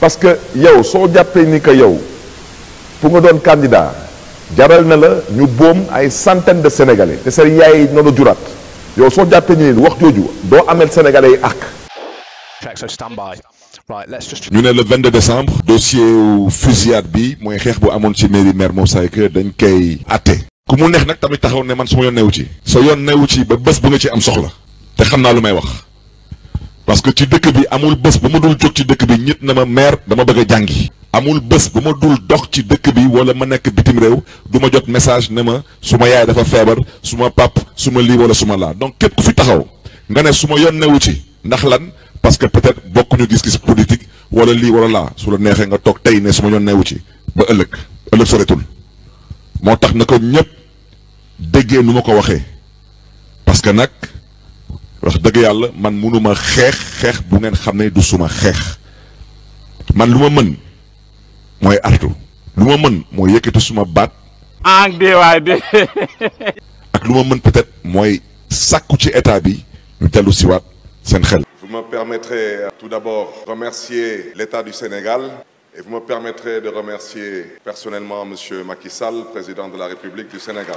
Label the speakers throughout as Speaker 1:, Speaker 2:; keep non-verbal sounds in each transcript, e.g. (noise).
Speaker 1: parce que yow so jàppee ni que yow pour nga doon candidat jaral na la ñu boom ay centaines de sénégalais te seen yaay noonu durat. yow so jàppee ni wax jooju do amel sénégalais yi ak ñu ne le 22 décembre dossier wu fusillade bi mooy xeex bu amoon ci mairie Mermoz Sacré-Cœur dañ kay até. ku mu neex nag tamit taxaw ne man su ma yoon newu ci sa yoon newu ci ba bëss bu nga ci am soxla te xamna lu may wax parce que ci dëkk bi amul bés bu ma dul jóg ci dëkk bi ñit na ma meer dama bëgg a jàngi amul bés bu ma dul dox ci dëkk bi wala ma nekk bitim réew du ma jot message ne ma su ma yaay dafa feebar su ma pap su ma lii wala su ma laa donc képp ku fi taxaw nga ne su ma newu ci ndax lan parce que peut-être bokkuñu gis-gis politique wala lii wala laa su neexee nga toog tey ne su ma yoon newu ci ba ëllëg ëllëg soretul moo tax na ko ñëpp déggee nu ma ko waxee parce nag wax deug yalla man mënuma xex xex bu ngeen xam du suma xex man luma ma mën mooy artu luma ma mën mooy yëkkati suma bat ak ah, dee waay dee (laughs) ak lu ma mën peut-être moy sakku ci état bi ñu ci wat sen xel vous me permettrez tout d'abord remercier l'état du Sénégal et vous me permettrez de remercier personnellement monsieur Macky Sall président de la République du Sénégal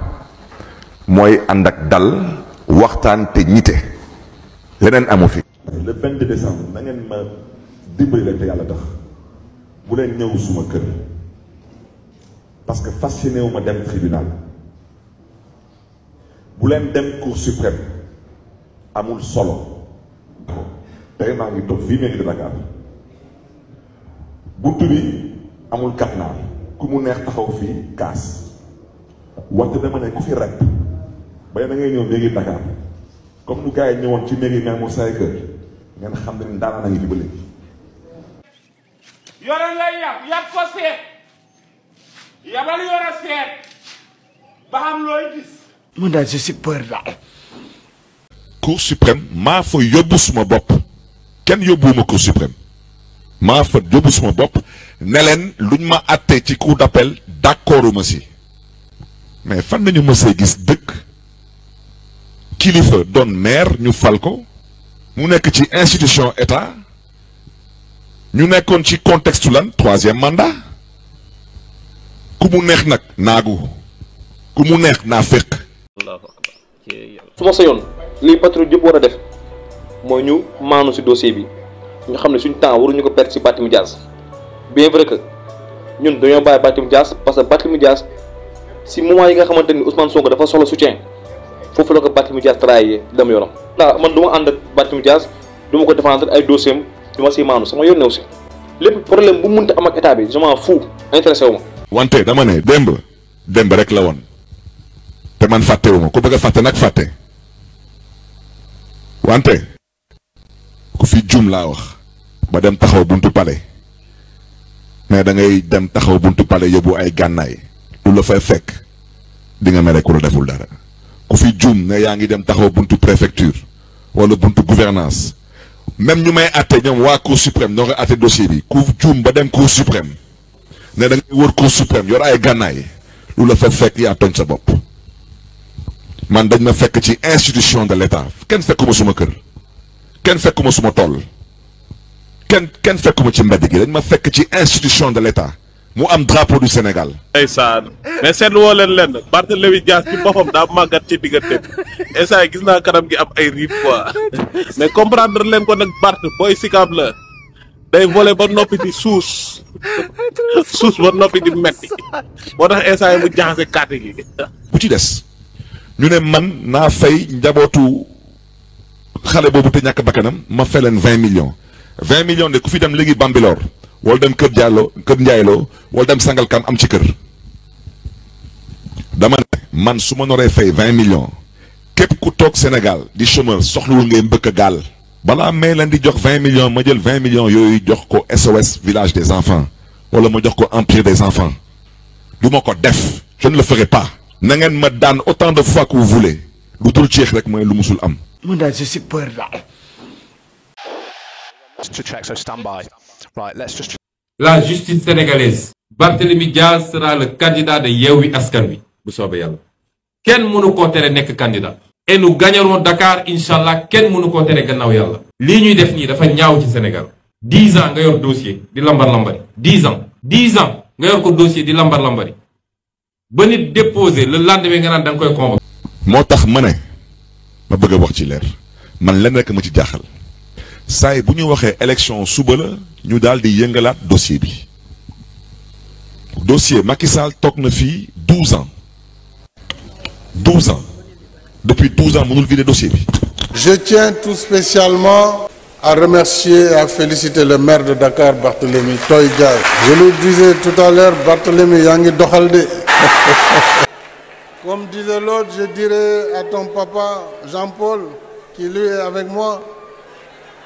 Speaker 1: moy andak dal waxtan te ñite leneen amu fi. le 22 décembre na ma dimbali leen te yalla tax bu len ñëw suma kër parce que fasciné wu ma dem tribunal bu len dem cour suprême amul solo. tey maa ngi toog fii mairie de Dakar buntu bi amul kat naa ku mu neex taxaw fi kaas wante dama ne ku fi rek. bay na ngay ñëw léegi Dakar comme nu gars ñëwoon ci néegi mel mu say kër ngeen xam ne ndaanaan a ngi fi ba léegi
Speaker 2: yore lay yab ko seet yabal yore seet ba xam looy gis
Speaker 1: mun daal je suis peur cour suprême maa yóbbu suma bopp kenn yóbbuwuma cour suprême maa yóbbu suma bopp ne leen luñ ma àttee ci cour d'appel d'accorduma si mais fan nañu mësee gis dëkk kilifa doon maire ñu fal ko mu nekk ci institution état ñu nekkoon ci contexte lan troisième mandat ku mu neex nag naagu ku mu neex naa fekk. su ma sañoon lii patriote yëpp war a def mooy ñu maanu si dossier bi ñu xam ne suñ temps waruñu ko perdre si Batim Dias bien vrai que ñun dañoo bàyyi Batim Dias parce que Batim Dias si moment yi nga xamante ni Ousmane Sonko dafa soxla soutien. foofu la ko Barthélémy Dias trahir dem yoonam. waaw man du ma ànd ak Barthélémy Dias du ma ko défendre ay dossier am du ma siy sama yoon ne aussi lépp problème bu mun te am ak état bi je m'en fous intéressé wante dama ne démb démb rek la woon te man fàttewu ma ku bëgg fàtte nag fàtte wante ku fi jum laa wax ba dem taxaw buntu pale mais dangay dem taxaw buntu pale yóbbu ay gànnaay lu la fay fekk di nga mere ku la deful dara. ku fi juum ne yaa ngi dem taxaw buntu préfecture wala buntu gouvernance même ñu may atte ñoom waa suprême ñoo koy dossier bi ku juum ba dem cour suprême ne da ngay wër cour suprême yor ay gànnaay lu la fa fekk yaa tooñ sa bopp man dañ ma fekk ci institution de l'état kenn fekkuma suma kër kenn fekkuma suma ken kenn kenn fekkuma ci mbedd gi dañ ma fekk ci institution de l'état mu am drapeau du Sénégal. ndeysaan mais seetlu woo leen lenn Barthélémy Dias ci boppam daa màggat ci diggante bi instant gis naa kanam gi am ay riib quoi mais comprendre leen ko nag Barth booy sikaab la day volé ba noppi di suus
Speaker 2: suus ba noppi di metti moo tax instant mu jaxase kàtt gi.
Speaker 1: bu ci des ñu ne man naa fay njabootu xale boobu te ñàkk bakkanam ma fay leen vingt millions vingt millions de ku fi dem léegi Bambilor. Waldem dem Diallo kër Ndiaylo Daman, dem Sangalkam am ci man fay millions Kep ku Sénégal di chômeur soxlawul ngay mbëkk gal. Bala millions ma jël millions SOS village des enfants wala ma jox ko empire des enfants du je ne le ferai pas na ngeen ma autant de fois que vous voulez rek je peur to check, so La justice
Speaker 2: sénégalaise. Barthélemy Diaz sera le candidat de Yewwi Askan Wi bu soobee yàlla kenn mënu koo tere nekk candidat et nous dakaar Dakar kenn mënu koo tere gannaaw yàlla lii ñuy def nii dafa ñaaw ci Sénégal dix ans nga yor dossier di lambar lambari dix ans dix ans nga yor ko dossier di lambar lambari ba nit déposé le lendemain nga
Speaker 1: naan da koy convoqué moo tax ma ne ma bëgg a wax ci leer man lenn rek ma ci jaaxal Ça est ñu élection sous la ñu dal di dossier bi dossier Makissal, Sall na 12 ans 12 ans depuis 12 ans mënul le dossier Je tiens tout
Speaker 2: spécialement à remercier et à féliciter le maire de Dakar Barthélémy Toye Je lui disais tout à l'heure Barthélémy y ngi doxal de. (laughs) Comme disait l'autre je dirais à ton papa Jean-Paul qui lui est avec moi.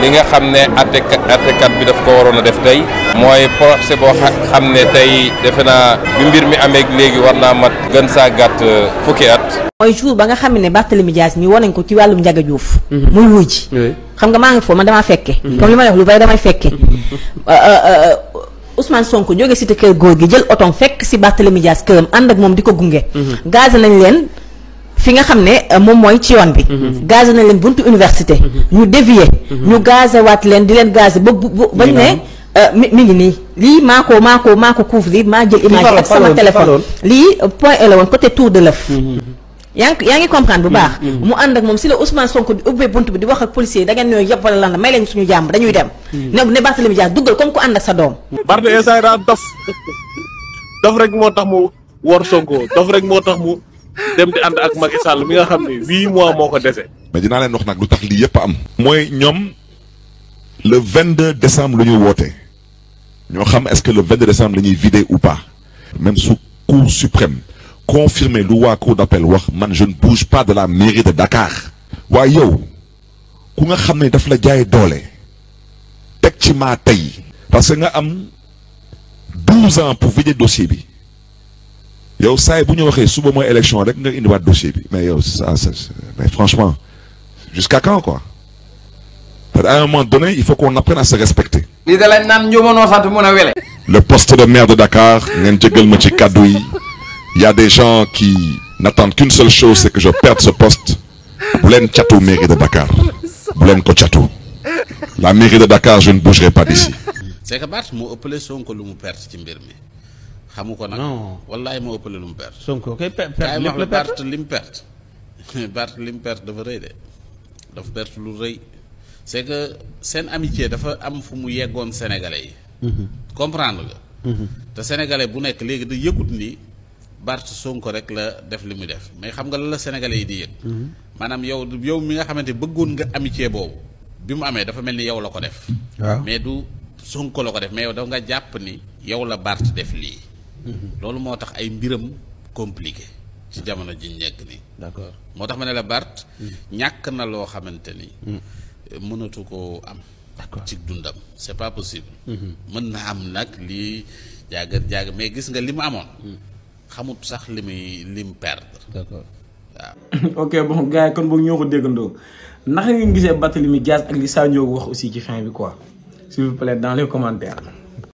Speaker 2: li nga xam ne àttekat àttekat bi daf ko waroon a def tey mooy procès boo xam ne tey defe naa bi mbir mi amee léegi war naa mat gën saa gàtt euh, fukki at
Speaker 1: mooy jour ba nga xam ne Barthélemy Dias mi wonañ ko ci wàllum Ndiaga Diouf mhm. muy wujj xam nga maa ngi foofu ma damaa fekke mhm. comme li ma wax lu bari damay fekke mhm. euh, euh, Ousmane Sonko jóge si te kër góor gi jël otom fekk si Barthélemy Dias këram ànd ak moom di ko gunge gaz nañ leen fi nga xam ne euh, moom mooy ci yoon bi. Mhm. gazé na leen buntu université. Mhm. ñu dévier. Mhm. ñu gazé waat leen di leen gazé ba bu bañ ne. Euh, mi ngi nii lii maa ko maa ko maa ko couvrir maa jël image ak sama téléphone lii euh, point E la ngi yaa ngi comprendre bu baax mu ànd ak moom si la Ousmane Sonko di ubbee bunt bi di wax ak policier yi da ngeen lan la may leen suñu jàmm dañuy dem ne ne Barthélémy Dias duggal comme ku ànd ak sa doom Barthélémy Dias daa dof
Speaker 2: (laughs) dof moo tax mu wor Sonko dof rek moo tax mu dem di ànd ak Macky Sall mi nga
Speaker 1: xam ne mois moo ko dese. mais dinaa leen wax nag lu tax lii yëpp am. mooy ñoom le 22 décembre la ñuy woote ñoo xam est-ce que le 22 décembre la ñuy vider ou pas. même su cour suprême confirmé lu waa cour d'appel wax man je ne bouge pas de la mairie de Dakar. waaye yow ku nga xam ne daf la jaay doole teg ci maa tey. parce que nga am 12 ans pour vider dossier bi yow saay bu ñu waxee suba mooy élection rek nga indiwaat dossier bi mais yow ça mais franchement jusqu'à quand quoi par un moment donné il faut qu'on apprenne à se respecter. da
Speaker 2: lañ naan sant mun
Speaker 1: le poste de maire de Dakar ngeen jëgal ma ci kàddu yi y a des gens qui n'attendent qu'une seule chose c'est que je perde ce poste bu leen catu mairie de Dakar bu leen ko catu la mairie de Dakar je ne bougerai pas d'ici.
Speaker 2: c'est que Barth mu ëppale Sonko lu mu perte ci mbir xamuko nak nag. non wallaahi moo ëppale lu mu perte. Sonko kay perte lépp la perte lim perte. Bart lim perte dafa rëy de dafa perte lu rëy c'est que sen amitié dafa am fu mu yegone sénégalais yi. Mhm. comprendre nga. Mhm. te sénégalais bu nek legui de yëgut ni Bart Sonko rek la def limu def mais xam nga la sénégalais yi di hmm manam yow yow mi nga xamante beggone nga amitié bobu bimu amé dafa melni yow lako def waaw mais du Sonko la def mais yow da nga japp ni yow la Bart def lii loolu motax ay mbiram compliqué ci jamono ji ñegg ni d'accord motax mané la Bart. Hmm. ñak na lo xamanteni hmm. mënatu ko am. d'accord ci dundam c'est pas possible. Hmm. mën na am nak li jaagar jaag mais gis nga limu amone xamut sax limi lim perdre. d'accord (coughs) ok bon gaay yi kon boog ñoo ko déggandoo naka ngeen batali mi jazz ak li Sadio wax aussi ci fin bi quoi s'il vous plaît dans les commentaires.